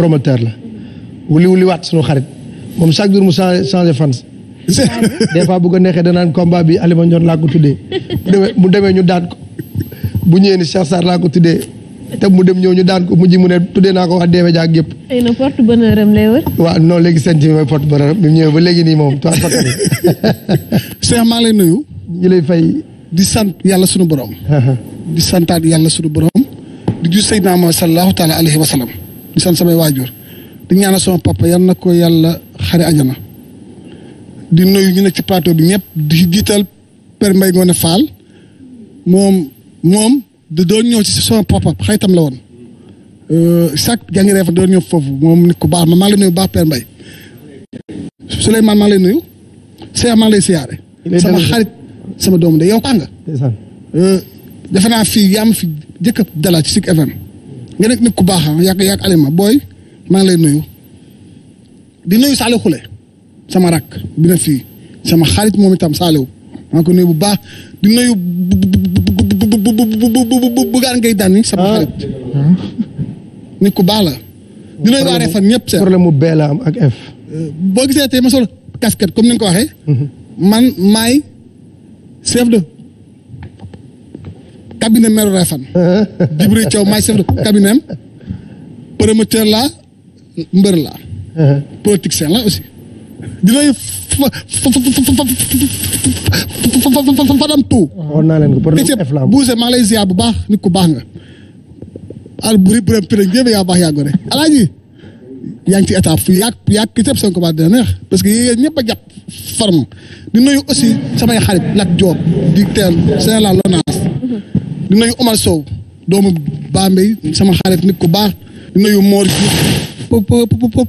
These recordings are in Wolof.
promoteur la wuli wuli waat sunu xarit moom chaque jour mu changé changé fans des fois a ko neexee danaan combat bi Alima laa ko tuddee mu demee ñu daan ko bu ñëwee ni Cheikh Sarr laa ko tuddee te mu dem ñëw ñu daan ko mujj mu ne tuddee naa ko wax deewee jaag yëpp. xëy na porte bonheur am lay wër. waaw non léegi seen ji mooy porte bonheur bi mu ñëwee ba léegi nii moom toi Fatou. Cheikh maa lay nuyu. ñu lay fay. di sant yàlla sunu borom. di santaat yàlla sunu borom. di ju Seydina di sant samay waajur di ñaanal sama papa yal na ko yàlla xare ajana di nuyu ñu nekk ci bi ñëpp di jiital Père Mbaye Ngoné Fall moom moom doon ñëw ci sama papa xaytam la woon euh, chaque jàngi reefa doon ñëw foofu moom nit baax ma maa ngi lay baax Père Mbaye nuyu Seya maa ngi lay siyaare sama xarit sama yow tàng euh, naa fii yaa ma fi jëkk dala ci Zik FM nga nekk nit ku baax ah yàgg yàgg Alima booy maa ngi lay nuyu di nuyu Saliou Khoule sama rakk bi na fii sama xarit moom itam Saliou maa ngi ko nuyu bu baax di nuyu bugaan ngay daan sama xarit nit ku baax la. di nuyu waa Réfane ñëpp seen problème mu bee la am ak F. boo gisee tey ma sol casquette comme ni nga ko waxee. man maay chef de. cabinet maire a Djibril Thiaw maay chef de cabinet am promoteur la mbër la. politicien la aussi. dinay fa fa fa fadam tout. waxoon naa leen bu baax nit ku baax nga. al buri bërëm pire njëriñ dina neex parce que ñëpp a jàpp di nuyu aussi samay xarit nag Diop di seen la lonaas di nuyu Omar Sow doomu Bambey sama xarit nit ku baax di nuyu Mor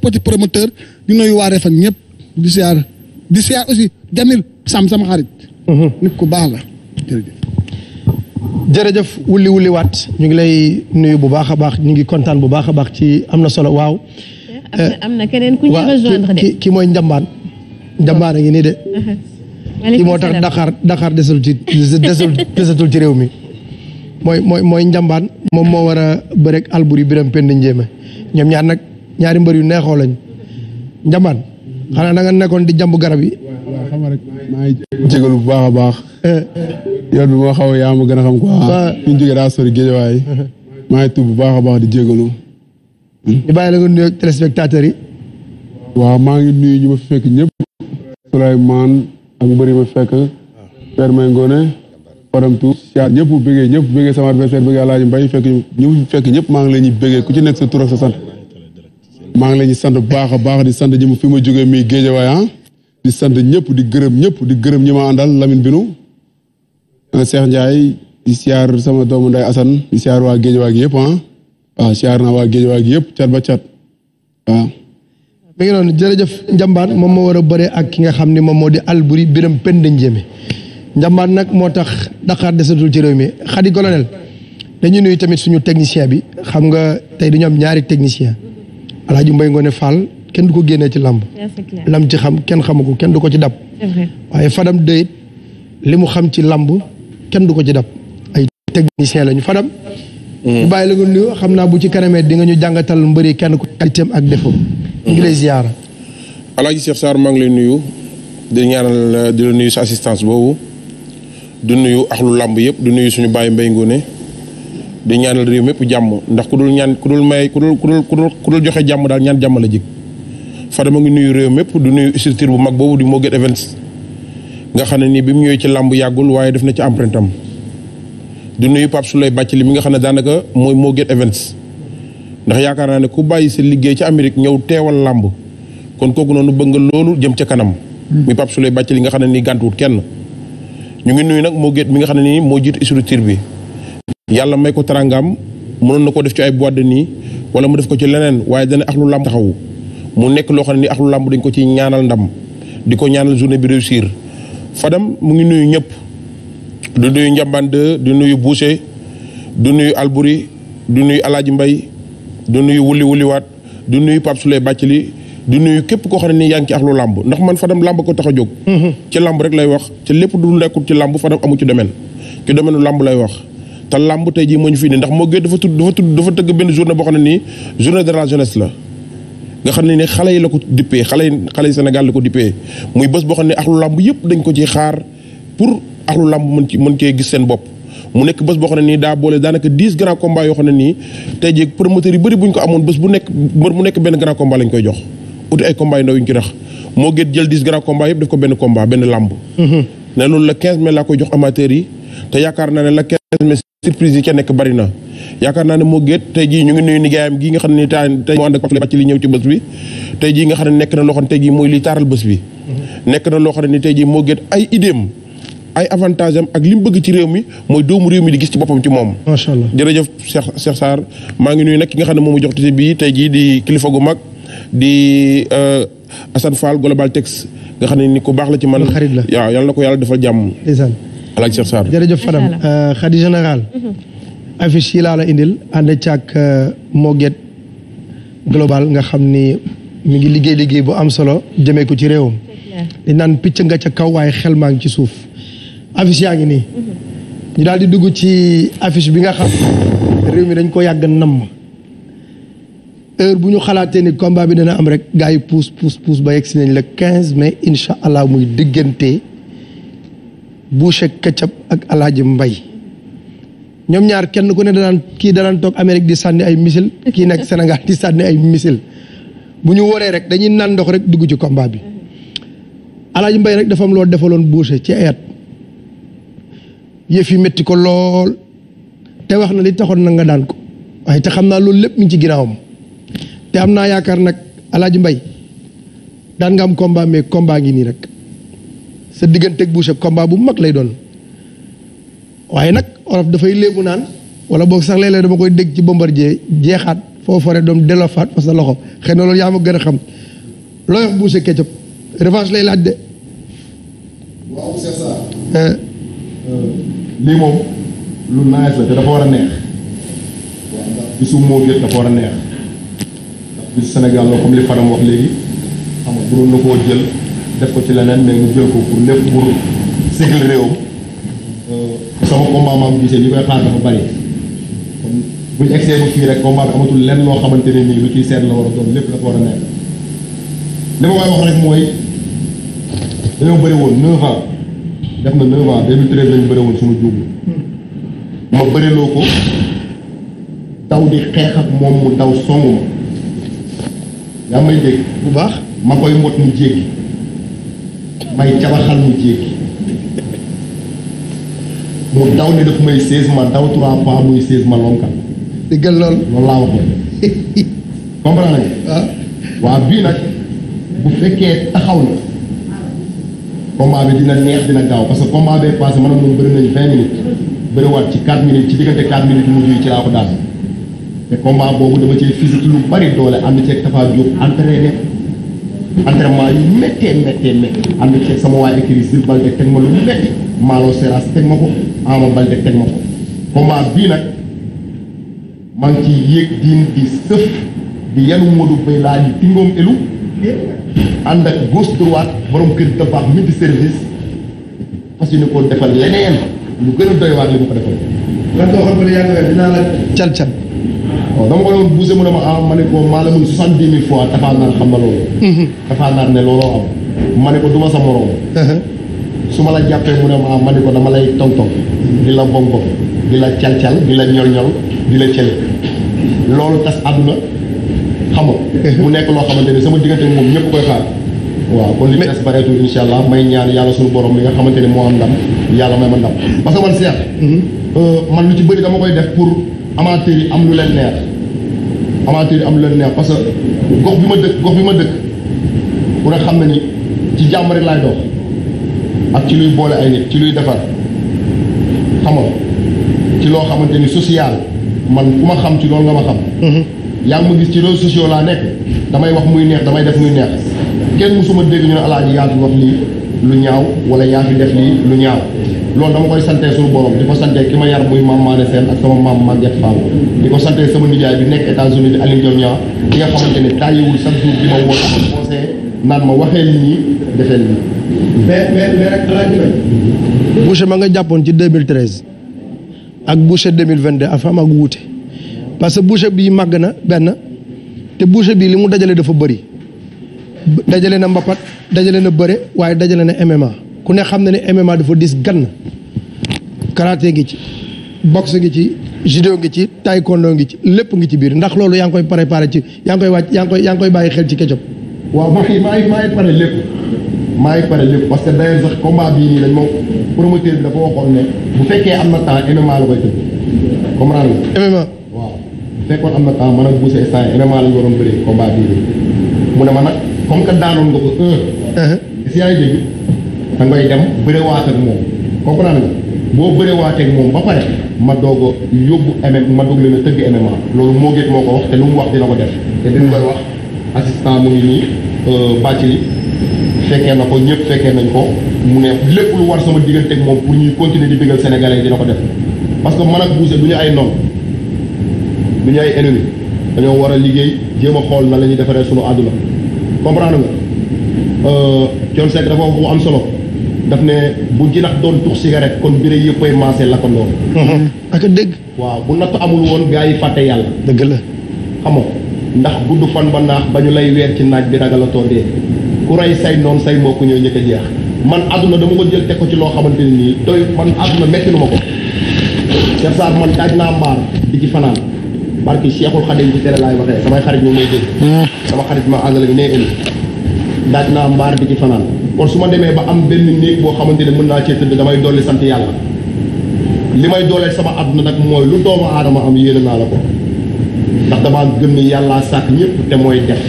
petit promoteur di nuyu waa Refane ñëpp di di siyaar aussi Jamil Sam sama xarit. Mhm. nit ku baax la jërëjëf. jërëjëf wuli waat ñu ngi lay nuyu bu baax a baax ñu ngi kontaan bu baax a baax ci am na solo waaw. Eh, eh, am na keneen ku ñu rejoindre de ki mooy Njambaan. Njambaan a ngi nii de. Uh-huh. ki moo tax Dakar Dakar desul ci desul desatul ci réew mi. mooy mooy mooy njambaan moom moo war a bëreeg Alboury biram Penda Ndiémé ñoom ñaar nag ñaari mbër yu neexoo lañ njambaan xanaa nag nga nekkoon di jamb garab yi. waaw xam nga maa ngi jégalu bu baax a baax. Eh. yoon bi xaw yaa xam quoi. waaw ñu jógee daa sori a baax di jégalu. ñu bàyyi la nga nuyoog téléspectateurs yi. waaw maa ngi nuyu ñu ma fekk ñëpp. Souleymane ak mbër yi ma fekk. Ah. Père Mengone. Faram Tour. siyaar ñëpp bëggee ñëpp bëggee sama adversaire ba Alaaji Mbay fekk ñu fekk ñëpp maa ngi leen ñu bëggee ku ci nekk sa tur ak sa sant maa ngi leen ñu sant baax a baax di sant ñi mu fi ma jógee muy géejawaay ah di sant ñëpp di gërëm ñëpp di gërëm ñi ma àndal Lamine Binu Cheikh Ndiaye di siyaar sama doomu nday Assane di siyaar waa géejawaay gi yépp ah waaw siyaar naa waa géejawaay gi yëpp cat ba cat waaw mi ngi noonu jërëjëf Njambaan moom moo war a bëree ak ki nga xam ni moom moo di Alboury Biram Penda Ndiémé njàmbaar nag moo tax Dakar desatul ci réew mi xadi colonel dañuy nuyu tamit suñu technicien bi xam nga tey dañu ñaari technicien Alaaji Mbay Ngoone Fall kenn du ko génnee ci làmb lam ci xam kenn xamu ko kenn du ko ci dab waaye li mu xam ci làmb du ko ci dab ay technicien lañu Fadam ñu mm. bàyyi la ko nuyu xam naa bu ci karamee di nga ñu jàngatal mbëri kenn ku qualité ak defam ñu ngi lay ziyaara mm. Alaaji maa ngi lay nuyu di ñaanal di la nuyu sa assistance boobu du nuyu axlu làmb yëpp du nuyu suñu bàyyi mbay ngoone di ñaanal réew mépp jàmm ndax ku dul ñaan ku dul may ku dul ku ku joxe jàmm daal ñaan jàmm la jig Fadama ngi nuyu réew mépp du nuyu structure bu mag boobu di moo gën events nga xam ne nii bi mu ñëwee ci làmb yàggul waaye def na ci empreinte du nuyu Pape bàcc li mi nga xam ne daanaka mooy moo gën events ndax yaakaar naa ne ku bàyyi sa liggéey ci Amérique ñëw teewal làmb kon kooku noonu bëgg nga loolu jëm ca kanam. Hmm. muy Pape Souley bàcc li nga xam ne nii gàntuwut kenn. ñu ngi nuyu nag moo géet mi nga xam ne nii moo jiitu structure bi yàlla may ko tarangam mënoon na ko def ci ay boîte de nii wala mu def ko ci leneen waaye dana axlu làmb taxawu mu nekk loo xam ne nii axlu làmb dañ ko ci ñaanal ndam di ko ñaanal journée bi réussir Fadam mu ngi nuyu ñëpp du nuyu Njambaan de du nuyu Boucher du nuyu Albouri du nuyu Alaaji Mbay du nuyu Wuli Wuliwaat du nuyu Pape Souley Bàccili di nuyu képp koo xam ne nii yaa ngi ci axlu làmb ndax man Fadam làmb ko tax a jóg mhm. ci làmb rek lay wax ci lépp du nekkul ci làmb Fadam amu ci domaine ci domaine làmb lay wax te làmb tey jii moo ñu fii nii ndax moo gën dafa tudd dafa tudd dafa tëgg benn journée boo xam ne nii journée de la jeunesse la nga xam ne ni xale yi la ko dippee xale yi xale yi Sénégal la ko dippee muy bés boo xam ne axlu làmb yëpp dañ ko ci xaar pour axlu làmb mën ci mën cee gis seen bopp mu nekk bés boo ne nii daa boole daanaka dix grands combats ne nii tey jii promoteur yi bëri bu ñu ko amoon bés bu nekk mbër mu nekk benn grand combat lañ koy jox uti ay combat yu ndaw yu ñu ci mhm. yi ñu ngi nuyu nigaayam gii nga xam ne taa moo ànd ak moo mhm. géet ay idéem ay avantage ak li bëgg ci réew mi mooy doomu réew mi di gis ci boppam ci moom macha allah jërëjëf Cheikh maa ngi nuyu nag nga xam ne moom jox tite bii tey jii di kilifa gu mag di euh, Assane Fall Global Tex nga xam ne ni ku baax la ci man xarit la na ko yàlla defal jàmm. ndeysaan Alaaji Cheikh Sarr. jërëjëf Fadam xadi euh, général. Mhm. affiche yi laa la indil ànd caag euh, Moget global nga xam ni mu ngi liggéey liggéey bu am solo jëmee ko ci réewam. di naan picc nga ca kaw waaye xel maa ngi ci suuf affiche yaa ngi nii. Mhm. ñu daal di dugg ci affiche bi nga xam réew mi dañ ko yàgg namm. heure bu ñu xalaatee ni combat bi dana am rek gars yi puus puus puus ba yegg si nañ le quinze mais incha allah muy diggante Boucher Ketchup ak Alaaji Mbay ñoom ñaar kenn ku ne danaan kii danaan toog Amérique di sànni ay missile kii nekk Sénégal di sànni ay missile bu ñu waree rek dañuy naan ndox rek dugg ci combat bi Alaaji Mbay rek dafa lool defaloon Boucher ci ay yëf yi metti ko lool te wax na li taxoon na nga daan ko waaye te xam naa loolu lépp mi ci ginnaawam te am naa yaakaar nag alaaji mbay daan nga am combat mais combat ngi nii rek sa digganteeg Boucher combat bu mag lay doon waaye nag olof dafay léebu naan wala boo sax léeg-léeg dama koy dégg ci Bombardier jeexaat foo fore doom delloo faat fa sa loxo xëy na loolu yaa ma gën a xam looy wax Boucher Ketchup lay laaj de. a euh. euh, neex. dafa war a neex. biir Sénégal la comme li Fadam wax léegi xam nga buroon koo jël def ko ci leneen mais mu jël ko pour lépp pour sigal réewam euh, sama combat maam gisee li koy xaar dafa buñ egsee ba fii rek combat lenn loo xamante ne nii lu ciy seet la war a doon lépp dafa war a ma koy wax rek mooy dañoo bëri woon 9 ans def na 9 ans 2013 lañu bëri woon suñu jublu ma bëriloo ko daw di xeex ak moom mu daw songu ma yaa may dégg bu baax ma koy mot mu jéggi may cabaxal mu jéggi mu daw ne daf may seize ma daw trois fois muy seize ma lonkal dëggal lool loolu laa waxoon comprendre nga ah. waaw bii nag bu fekkee taxaw na combat bi dina neex dina gaaw parce que combat bee passé man moom bëri nañu vingt minutes bëriwaat ci quatre minutes ci diggante quatre minutes mu mujj ci laa daal te combat boobu dama cee physique lu bari doole ànd na Tafa Diop entraîné entraînement yu méttee méttee méttee ànd ceeg sama waa écrit Zil Balde teg ma lu métti Malo Seras teg ma ko Ama Balde teg ma ko combat bii nag maa ngi ciy yéeg diin di sëf di yanu Modou Bay laa di tingoom elu ànd ak gauche droite borom kër dafa midi service fas yéene koo defal leneen lu gën a doy waar li mu ko defal. lan nga waxoon ba dama ko doon bousee mu ne ma ah ma ne ko maa la mën soixante dix mille fois Tapha Ndar xam na loolu. Mhm. Tapha Ndar ne looloo am. ma ne ko du sa morom. Mhm. su ma la jàppee mu ma ah, ko dama lay di la bongo di la cal-cal di la ñol-ñol di la cële loolu tas àdduna xam nga mhm. mu nekk loo xamante ne sama diggante moom ñëpp koy xaar. waaw kon li des bareetul incha allah may ñaan yàlla ne moo am ndam yàlla may euh, dama koy def pour. amateur yi am lu leen neex amateur yi am lu leen neex parce que gox bi ma dëkk gox bi ma dëkk ku ne xam na ni ci jàmm rek laay dox ak ci luy boole ay nit ci luy defar xam ci loo xamante ni social man ku ma xam ci loolu nga ma xam. Mhm. yaa ngi ma gis ci réseaux sociaux laa nekk damay wax muy neex damay def muy neex kenn mësuma dégg ñu ne alaaji yaa fi wax lii lu ñaaw wala yaa fi def lii lu ñaaw. loolu dama koy santee suñu borom di ko santee ki ma yar muy maam Maane Sène ak sama maam Maguette Fall di ko santee sama nijaay bi nekk États-Unis bi Aliou Diop Niang di nga xamante ne tàyyiwul chaque jour ma ak conseil naan ma waxee li ñuy defee li nga jàppoon ci ak Boucher 2022 afa ak wuute parce que Boucher bi màgg na benn te Boucher bii li mu dajale dafa bëri dajale na mbapat dajale na bëre waaye dajale na MMA ku ne xam na ne MMA dafa dis gann karaté ngi ci boxe ngi ci judo ngi ci taekwondo ngi ci lépp ngi ci biir ndax loolu yaa ngi koy préparé ci yaa ngi koy wàcc yaa ngi koy bàyyi xel ci Ketchup. waaw maa ngi maa ngi maa pare lépp maa pare lépp parce que d'ailleurs sax combat bii nii dañ ma promoteur bi bu fekkee am na temps MMA la koy waaw bu fekkoon am na temps man ak Bousse Sane MMA la ñu waroon bëri combat bii ma nag euh. uh-huh. da ngay dem bëriwaat ak moom comprendre nga. boo bërewaatee moom ba pare ma doog a yóbbu MM ma doog leen a ma MMA loolu moo gét moo ko wax te lu mu wax dina ko def te dina koy wax assistant mu ngi nii euh, bàcc fekkee na ko ñëpp fekkee nañ ko mu ne lépp lu war sama diggante ak moom pour ñuy continuer di bégal sénégalais yi dina ko def parce que man ak Boucher du ñu ay noon du ñu ay ennemi dañoo war a liggéey jéem xool na la ñuy defaree sunu àdduna comprendre nga euh, Thione Seck dafa wax bu am solo daf ne bu jinax doon tux cigarette kon mbir yëppay maase la ko noonu. Mm-hmm. ak dëgg. waaw bu natt amul woon gaa yi fàtte yàlla. dëgg la. xam nga ndax gudd fan ba naax ba ñu lay weer ci naaj bi ragal a too dee ku rey say noonu say mbokk ñooy njëkk a jeex man àdduna dama ko jël teg ko ci loo xamante nii doy man àdduna metti ma ko. Cheikh Sarr man daaj naa mbaar di ci fanaan barki Cheikhul Khadim ci tere laay waxee samay xarit ñu may dégg. Mm-hmm. sama xarit ma àndal ak nee fanaan. kon su ma demee ba am benn néeg boo xamante ne mën naa cee tëdd damay doole sant yàlla li may dooleel sama àdduna nag mooy lu doomu aadama am yéene naa la ko ndax damaa gëm ni yàllaa sàkk ñëpp te mooy def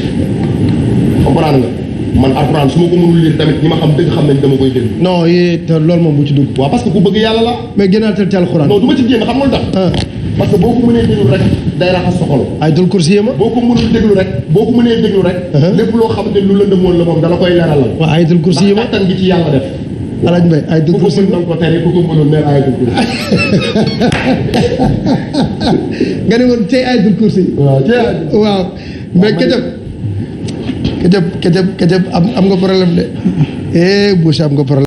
comprendre nga man alxuraan su ma ko mënul lire tamit ñi ma xam dëgg xam nañ dama koy dégg. non yéen loolu moom bu ci dugg. waaw parce ku bëgg yàlla la. mais génnaatal ci alxuraan. non du ma ci génn xam nga lu tax. Ah. parce que boo ko mënee déglu rek day raxas sa xol ayatul kursi ma boo ko mënul déglu rek boo ko mënee déglu rek uh-huh. lépp loo xam ne lu lëndëm woon la moom dala koy leeralal waaw ayatul kursi ma tan gi ci yàlla def alaaj mbay ayatul kursi ma ko tere ku ko mënul neel ayatul kursi nga ne woon tey ayatul kursi waaw tey waaw mais këjëb këjëb këjëb këjëb am am nga problème de eh Boucher am nga problème